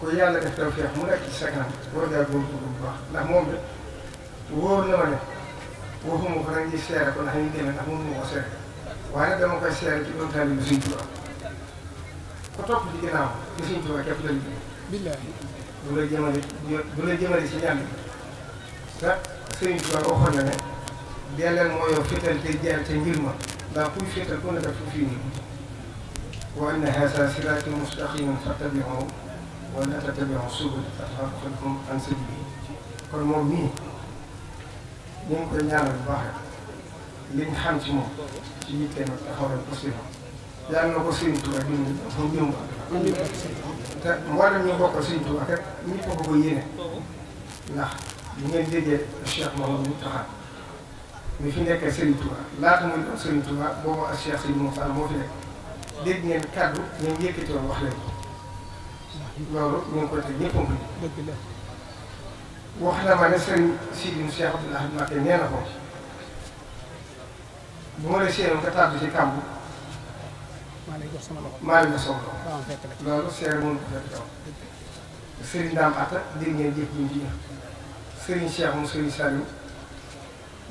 ko yàlla def taw feex mu nekk ci sa kanam war ngaa góorgóorlu bu baax ndax moom de wóor na ma ne waxuma ko nag ñuy seere ko ndax ñu génn ndax mënu ma ko seere waaye nag dama koy seere ci doon tali bi Sëñ Tuubaa ko topp ci ginnaaw ci Sëñ Tuubaa képp la liggéey billaahi bu la jëmale bu la jëmale ci ñaan bi ndax Sëñ Tuubaa waxoon na ne dee leen moo yow te jaar te ngir ma ndax kuy féetal ku nekk fu fii nii wa anna wala tattabi'u subula fata'akhakum an sabili kon moom mii ñu ngi koy ñaanal bu baax liñ xam ci moom ci yitte nag taxawal ko si yàlla na ko Sëriñ Tuubaa dindi mu jëm te mboolem ñu bokkal Sëriñ Tuubaa rek ñi ko bëgg a yéene ndax bu ngeen déggee Cheikh Mamadou Mountakha mi fi nekkee Sëriñ Tuubaa laata muy doon Sëriñ Tuubaa boobu ak Cheikh Sëriñ Moussa moo fi nekk dégg ngeen kàddu ñu yëkkati wax leen loolu ñu koy teg ñëpp a ngi koy dëgg la wax na ma ne sëriñ Sidi Cheikh Abdoul na ko bu ma la séeréer nga tàbbi ci kàmb. maa ngi ko sama loxo maa ngi ko sama loxo. loolu séeréer sëriñ Dame Atta dégg ngeen jëf ji ji sëriñ sëriñ Saliou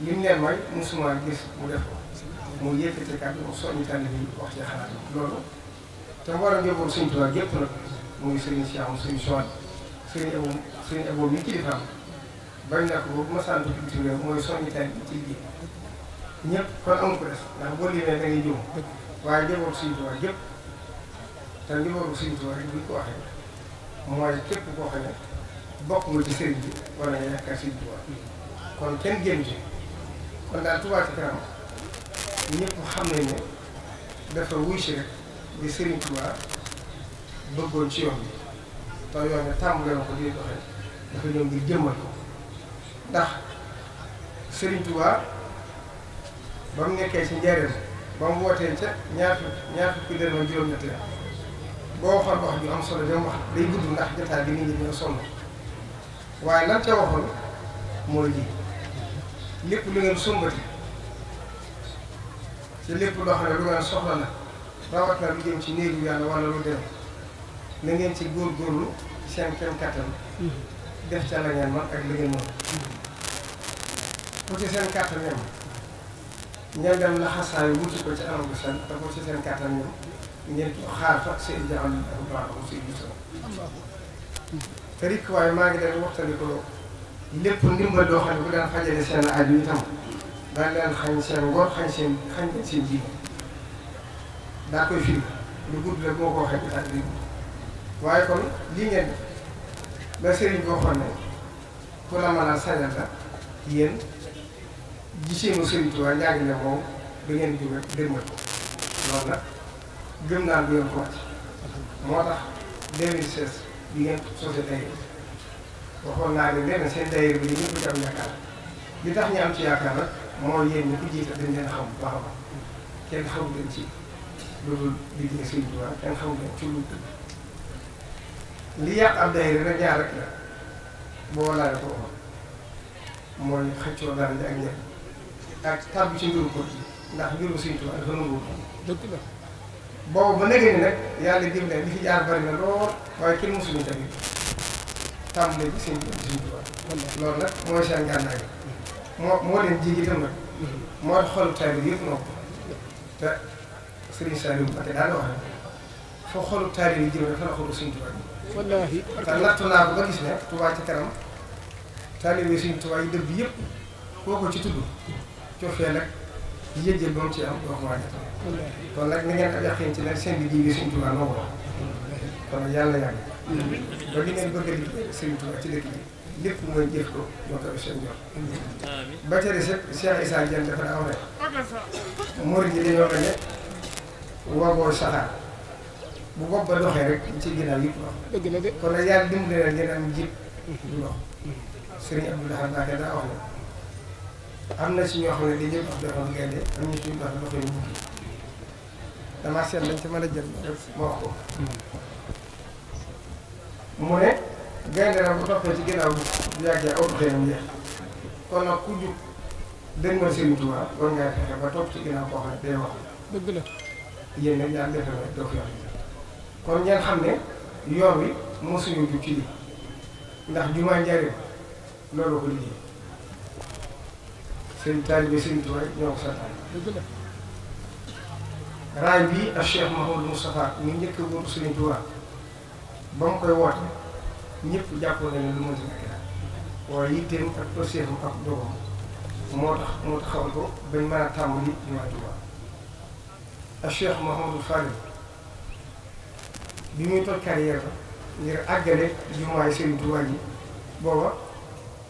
li mu neen mooy musuma gis mu def ko. mu yëkkati kàddu mu soññi tànn bi wax ci xalaat loolu. te war a njaboot suñu tubaab yëpp nag. muy Serigne Cheikh am Serigne Soine Serigne Ebo Serigne Ebo mi kilifaam bañ na ko boobu ma sant bitim réew mooy soññi tali ci ji ñëpp kon amu ko des ndax boo limee da ngay jóg waaye njaboot Serigne Touba yëpp te njabootu Serigne Touba rek buñ kon kenn génn ci kon daal Touba ci kanam ñëpp xam nañ ne dafa wuy rek di Serigne Touba. bëggoon ci yoon bi te yoon bi tàmbale ko di doxee dafa ñëw ngir jëmmal ko ndax Serigne Touba ba nekkee ci njëriñ ba mu wootee ca ñaar ñaar fukki dërëm ak juróom-ñetti boo waxoon wax ju am solo dem wax day gudd ndax jotaay bi nit ñi dina sonn waaye lan ca waxoon mooy lii lépp lu ngeen sumbati te lépp loo xam ne lu ngeen soxla na rawat na lu jëm ci néegu yàlla wala lu dem. na ngeen ci góorgóorlu seen kem kattan. Mm-hmm. def ca la ngeen man ak li ngeen mën. ku ci seen kattan yem. ngeen dem laxasaay wuti ko ci anam bu sell te seen kattan yem ngeen xaar fa seen jaam ak maa ngi leen waxtaanee ko lépp ndimbal doo xam ne bu daan fajale seen aju itam leen xañ seen ngor xañ seen xañ seen ji daa koy firi lu gudd rek moo ko waxee ak waaye kon lii ngeen la sëriñ bi waxoon ne ku la mën a sañal la yéen giseenu sëriñ Tuubaa ne moom da ngeen jóge dërmal ko loolu nag gëm naa du ngeen ko wàcc moo tax 2016 bi ngeen sosé dayir waxoon naa ne lenn seen dayir bi ñëpp ci am yaakaar li tax ñu am ci yaakaar nag mooy yéen ñi ko jiite dañ leen xam baax a baax kenn xamu leen ci lu dul liggéey sëriñ kenn xamu leen ci lu dul li yàq ab daayira rek ñaar rek la boo laa ko mooy xëccoo daan ak ñëpp ak tàbbi ci mbiru ko ndax mbiru Sëriñ Tuubaa dafa nanguwul. la boobu ba léegi ni nag yàlla jëm leen li fi jaar bari na lool waaye kenn mosuñu tamit tàmbalee ci Sëriñ Tuubaa loolu nag mooy seen gànnaay moo moo leen jigi itam nag moo tax xolu taalibe bi yëpp noo ko te Sëriñ Saliou Mbacké daal la wax foo xolu taalibe bi jëm dafa la xolu Sëriñ Tuubaa wallaahi te nattu naa ba gis ne Touba ci kanam taalibe suñu Touba yi dër bi yëpp ci tudd cofee nag yëjjël ba mu ci am kon nag ni ngeen ko yàqee ci nag seen liggéey bi suñu Touba noo ko kon yàlla yàgg ba li ngeen bëgg a liggéey Serigne Touba ci dëkk bi lépp mooy jëf ko moo tax seen jox ba ca des it Cheikh Issa Dieng dafa daa wax ne murid dañoo wax wagoo saxaar bu bopp ba doxee rek ci ginnaaw yëpp dox. dëgg la de kon nag yàlla dimbali leen ngeen jiit. du dox Serigne Abdou daa wax ne am na ci ñoo xam ne dañuy dox doxam gaynde am ñu ci dox doxee mujj seet lañ a jël ma wax ko. mu ne gaynde la bu toppee ci ginnaaw bu yàggee aw doxee mu kon nag ku jub dégg nga Serigne Touba war ngaa fexe ba topp ci ginnaaw koo xam ne day wax. dëgg la yéen nag ñaar defal rek doo ko kon ngeen xam ne yoon wi mosuñu jub ci lii ndax jumaa njariñ loolu ko liggéey seen taalibe seen tuwaay ñoo ko santaan raay bii ak Cheikh Mahamadou Moustapha ñu njëkk buntu Sëriñ Tuubaa ba mu koy woote ñëpp jàpp na lu mënti nekk la waaye yitteem ak ak dogam moo tax moo taxawal ko bi muy toj carrière ba ngir àggale jumaay Sëriñ Tuubaa yi booba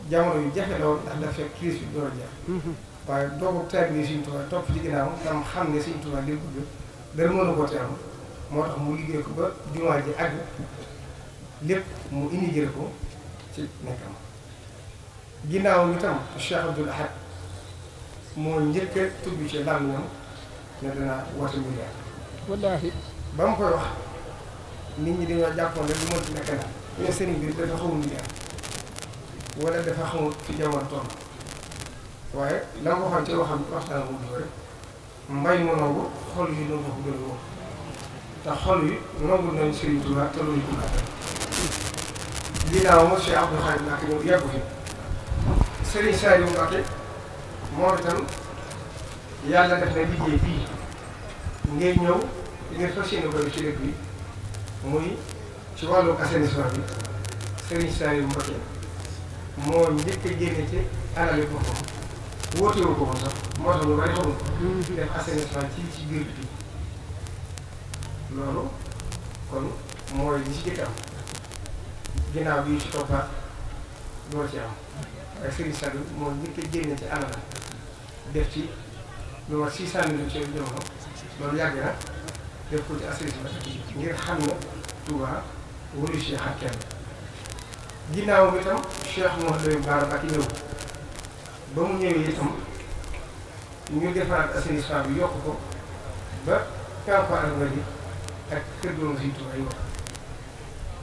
jamono yu jafe lool ndax dafa fekk crise door jeex mhm. waaye doogu taag bi Sëriñ Tuubaa topp ci ginnaaw tam xam ne Sëriñ Tuubaa li mu bëgg dara mënu ko teew moo tax mu liggéey ko ba jumaa ji àgg lépp mu inigéré ko ci nekkam ginnaaw bi tam Cheikh Abdoul Ahad moo njëkk a tudd ci làmmiñam ne dana woote milliard wallaahi ba mu koy wax nit ñi dañoo jàppoon ne lu mënti nekk la mais sëriñ bi dafa xamul lu leer wala dafa xamul fi jamono toll waaye la nga waxoon ci loo xam ne waxtaan wu ñu rek mbay mu nangu xol yi nangu ko gën a wóor te xol yi nangu nañu sëriñ Tuubaa te loolu ko laajal. ginnaaw monsieur Abdou yàlla def na liggéey bii ngay ñëw ngir fas yéene ko ci dëkk bi. muy ci wàllu assainissement bi Serigne Saliou Mbacké moo njëkk a génne ci alal yi boppam wóote wu ko woon sax moo tax ñu bari xamul mm-hmm. def assainissement ci ci biir bi loolu kon mooy li ci jëkk am ginnaaw bi ci toppaat doo ci am waaye Serigne Saliou moo njëkk a génne ci alal def ci lu war six cent millions ci jamono loolu yàgg def ko ci assainissement ngir xam ne Touba waru Cheikh ak kenn ginnaaw bi tam Cheikh Mouhamadou Bara Mbacké ñëw ba mu ñëwee itam ñu defaraat assainissement bi yokk ko ba Kanko Almadi ak kër doon si Touba yi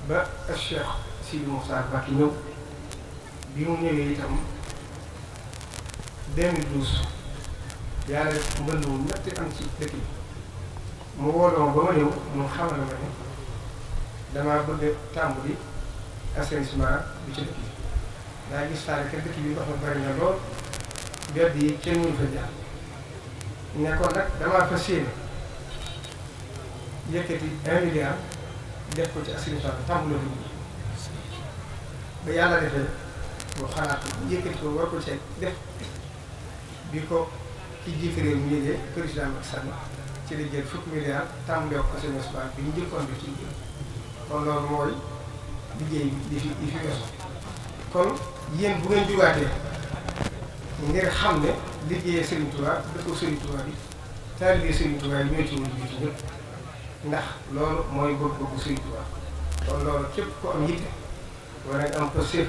ba Cheikh Sidi Moussa Mbacké ñëw bi mu ñëwee itam 2012 yàlla mbënd wu ñetti am ci dëkk bi. mu wóoloo ba ma ñëw mu xamal ma ne damaa bëgg a tàmbali assainissement ci dëkk bi daa gis saa rek dëkk bi ndox mi bari na lool mbedd yi kenn mënu fa jaar ne ko nag damaa fa séen yëkkati un def ko ci assainissement bi tàmbali ba yàlla defee boo xalaat yëkkati ko war ko ci def bi ko ci jiite réew mi ci la jël fukki milliards tàmbalee ko assurance bi ñu jël compte ci kon loolu mooy liggéey bi fi di fi weesu kon yéen bu ngeen jugaatee ngir xam ne liggéeyee Serigne Touba dëkk Serigne Touba bi taalibe Serigne Touba yi ñoo ci woon jiitu ñëpp ndax loolu mooy bëgg-bëggu Serigne Touba kon loolu képp ku am yitte wala nga am ko séef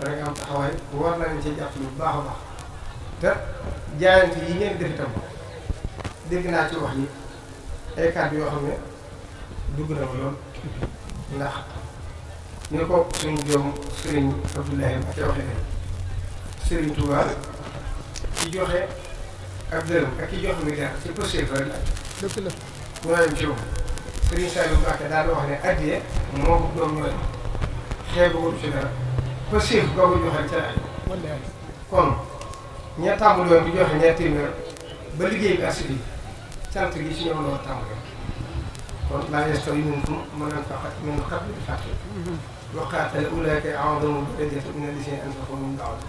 wala am taxawaay war na ci jàpp lu baax a baax te jaayante yi ngeen def itam. dégg naa ci wax yi ay kàddu yoo xam ne dugg na ma lool ndax ni ko suñu joom Serigne Abdoulaye Mbacké waxee Serigne Touba ki joxe ak dërëm ak ki joxe milliard ci possible rek la. dëgg la ñoo yem ci moom Serigne Saliou Mbacké daal wax ne addiye moo ko doom ñoo yem xeebuwul ci dara possible boobu joxe ca kon ña tàmm doon di joxe ñaar téeméer ba liggéey bi assi cant gi ci ñoom la war a tàmbalee kon laa yastawi minkum man anfaqa min qabli al-fathi wa qaatala ulaa'ika a'zamu darajatan mina llaziina anfaqu min ba'du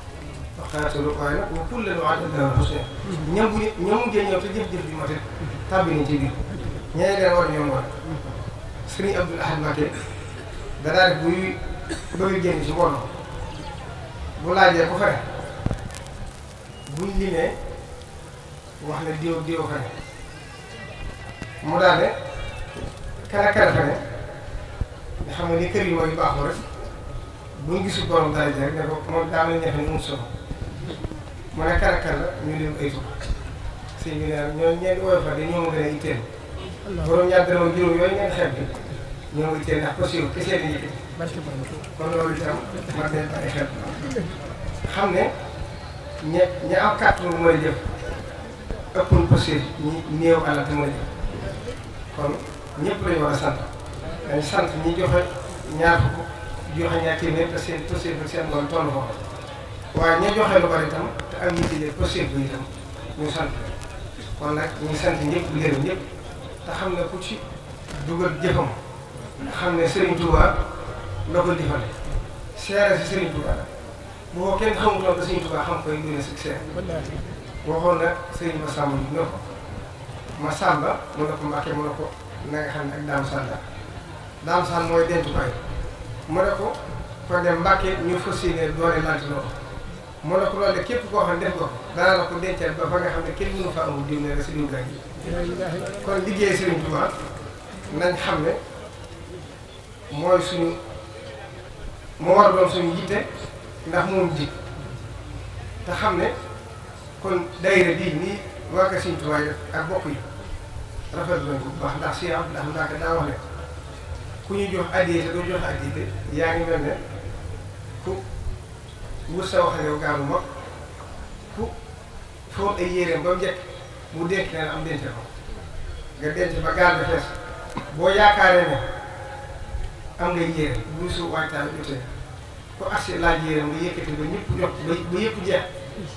wa qaatalu waaye nag wa kullan wa'ada Allahu al-husnaa ñam bu ñam mujjee ñëw te jëf-jëf bi moo it tàbbi nañ ci biir ñeneen leen war ñoom war Sëriñ Abdul Ahad Mbacké danaa def buy bëgg génn ci borom bu laajee ko fare buñ limee wax ne diw diw fa ne mu daal de kala kala fa ne nga xam ne ni kër yi rek bu ñu gisul borom dara ji rek ne ko moom daa mel ne mu solo mu ne kala kala ñu lim ay tur sëñ bi daal ñoo ñeenti gën a itteel borom ñaar dërëm juróom yooyu ñeenti xeeb bi ñoo ma itteel ndax possible kese la ñuy kon loolu itam man dañ bàyyi xel xam ne ña ña am kàttan mooy jëf ëppul possible ñi néew kon ñëpp lañu war a sant dañu sant ñi joxe ñaar fukk joxe ñaar téeméer te seen possible seen ngoon toll foofu waaye ña joxe lu bari itam te am nit yi possible bi itam ñu sant kon nag ñu sant ñëpp di ñëpp te xam ne ku ci dugal jëfam xam ne Serigne Touba la ko defal seere si Serigne Touba la bu ko kenn xamutoon ba Serigne Touba xam koy lu ne si seere waxoon nag Serigne Massamba ñu ne ko. ma sàmba mun na ko mbàkke mun na ko na xam ne ak daam sàn la daam sàn mooy dencukaay mu ne ko kon de mbàkke ñu fas yéene doole lante loolu mu ne ko loolu képp koo xam ne def ko ko dencal ba fa nga xam amul diw ne la kon liggéey Serigne Touba nañ xam ne suñu moo war doon suñu yitte moom ji xam ne kon daayira bii nii ak bokk yi rafet nañ ko bu baax ndax Cheikh Abdou Lahad Mbacké daa wax ne ku ñu jox addiya te doo jox addiya te yaa ne ku wut sa wax yow gaalu mag ku fóot ay yéreem ba mu njëkk mu denc leen am denc ko nga denc ba gaal ba fees boo yaakaaree ne am nga yére bu su waajtaal jotee ku agsi laaj yére nga yëkkati ba ñëpp jot ba ba yëpp jeex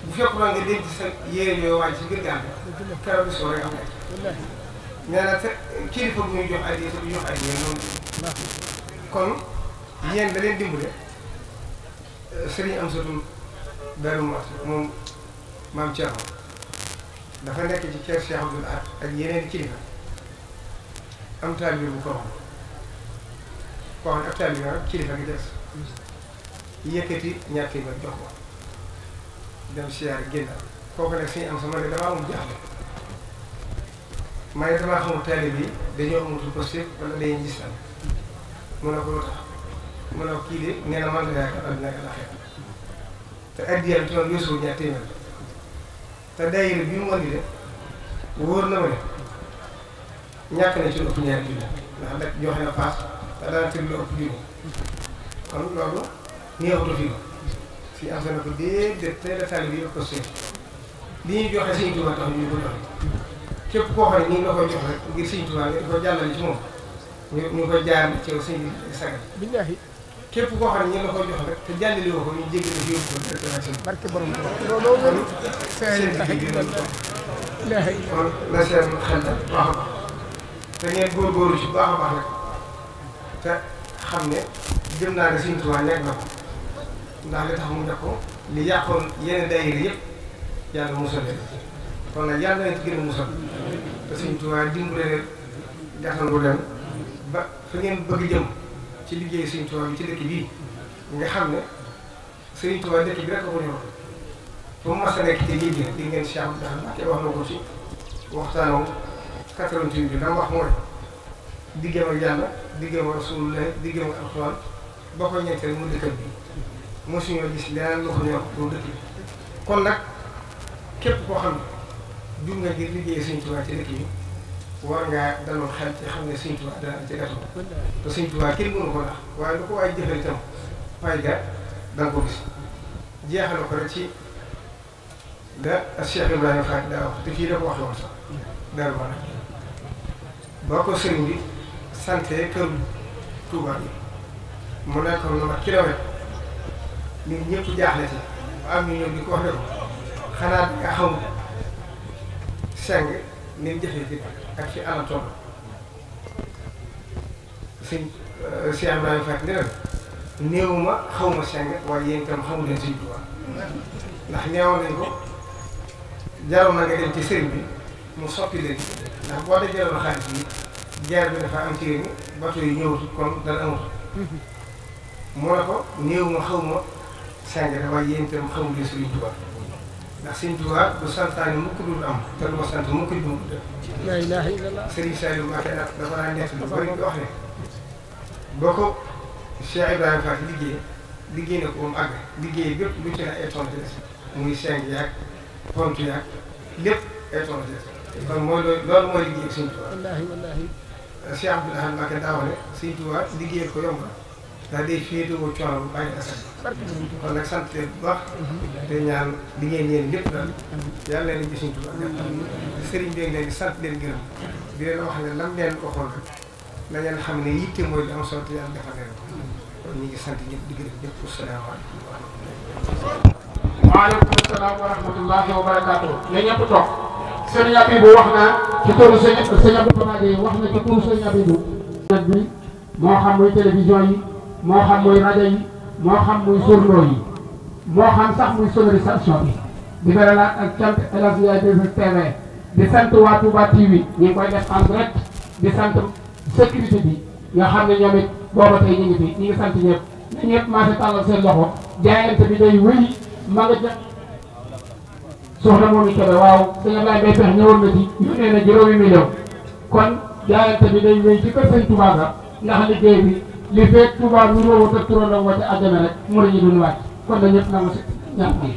bu fekkoon nga denc sa yére yooyu waaj si biir gaal bi keroog bi soo rek am nga nee na fekk kilifa bu ñuy jox addiya te du jox addiya noonu kon yéen da leen dimbale sëriñ am satul daru mu moom maam Thierno dafa nekk ci kër Cheikh Abdoul Ahad ak yeneen kilifa am taalibe bu ko xam koo xam ne ab taalibe ak kilifa gi des yëkkati ñàkk yi jox ko dem siyaar génn kooku nag suñu am sama ne damaa am jaaxle ma ne damaa xamul taalib dañoo amatul posté wala dañuy gis lan mun na ko tax mun kii de nee man de yaakaar àddina ak alaxira te addiyam ci man yoosuwul ñaar téeméer te daayira bi mu andi de wóor na ma ne ñàkk na ci lu ëpp ñaari junni ndax nag joxe na paas te daan tëdd lu ëpp junni kon loolu neexutu fi fii am na ko déedéet teel a taalib yi ëpp posté li ñuy joxe suñu tubaab tax ñu ko joxe. képp koo xam ne ñu ngi la koy jox rek ngir sëñ Tuubaa nga di ko képp koo xam ne ñu ngi la koy jox rek te kon na seen xel baax baax te ngeen góorgóorlu ci baax baax rek te xam ne gëm naa ne sëñ Tuubaa nekk na ko ndax li tax mu def ko li yàqoon yenn daayira yëpp yàlla musal leen kon nag yàlla na leen gën a musal te Sëriñ Tuubaa dimbale leen gàttandu leen ba fa ngeen bëgg jëm ci liggéey Sëriñ Tuubaa bi ci dëkk bii nga xam ne Sëriñ Tuubaa dëkk bi rek ko ñor ba mu mas a nekk ci géej gi di ngeen si am ndax wax na ko ci waxtaanoo 88 bi dama wax mooy diggam ak yàlla diggam ak Rasulullah diggam ak alxuraan ba ko ñeenteel mu dëkkal bi mosuñoo gis leneen lu dëkk bi kon nag képp koo xam jug nga ngir liggéey Sëñ Tuubaa ci dëkk bi war ngaa daloon xel ci xam ne Sëñ Tuubaa dana ci gàttal te Sëñ Tuubaa kenn mënu ko ndax waaye lu ko waay jëfal itam fay ga da ko gis jeexal ko rek ci wax te fii da ko wax woon sax nag boo ko sëriñ bi santé kër Touba bi mu nekkoon lu mat nit ñëpp jaaxle ci am ñu ñëw di ko wax ne xanaa nga xamul seng ni mu jëfee ci ak fi anam toll suñ euh, Cheikh Ibrahima Fall ne leen néew ma xaw ma seng waaye yéen itam xamu leen suñ Tuubaa ndax ñeewoon nañ ko jaroon na nga dem ci sëriñ bi mu soppi leen ndax boo dee jaroon xaalis bi jaar bi dafa am ci réew bato yi ñëwatut kon dana amatu moo ne ko néew ma xaw ma seng waaye yéen itam xamu leen suñ Tuubaa ndax sëñ Tuubaa du santaane mukk dul am te du ko sant mukk du mukk def. laa ilaaha illallaah. Serigne Saliou Mbacké nag dafa daan nekk lu bëri di wax ne boo ko Cheikh Ibrahima Fall liggéey liggéey na ko mu àgg liggéey bépp lu ci ne ay tontu des muy seng yaag tontu yaag lépp ay kon mooy loolu mooy liggéey ak sëñ Tuubaa. wallaahi wallaahi. Cheikh Abdoul Ahad Mbacké daa wax ne ko yomb ndax day féetewoo coono bu bàyyi asal kon nag sant leen bu baax te ñaan li ngeen ñeen lépp daal yàlla leen gis ñu tubaab sëriñ bi leen di sant leen gërëm di leen wax ne lam leen waxoon rek na ngeen xam ne yitte mooy li am solo te yàlla defal leen kon ñu ngi sant ñëpp di gërëm ñëpp salaamaaleykum waaleykum salaam wa rahmatullahi wa barakaatu yéen ñëpp toog sëriñ Abibu wax na ci turu sëriñ sëriñ Abdou Fana Gueye wax na ci turu sëriñ Abibu nag bi moo xam muy télévision yi moo xam muy rajo moo xam muy journaux yi moo xam sax muy sonorisation bi di bëri ak cant El Hadj Ndiaye 2STV di sant waa Touba TV ñu ngi koy def en di sant sécurité bi nga xam ne ñoom it booba tey ñu ngi sant ñëpp na ñëpp maa ngi tàllal seen loxo jaayante bi day wéy ma nga jot moom it tamit waaw sëñ Ablaye Mbaye Pekh ñëwoon na ci yónnee na juróomi million kon jaayante bi day wéy ci kër sëñ Touba nga liggéey bi. li fekk Touba bi nga woote turandoo woote àjjana rek mën nañu doon waaj kon nag ñëpp naa ma si ñaan bi.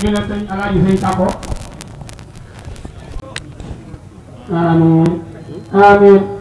ñu ne sëñ Alaaji sëñ Sakho. amiin amiin.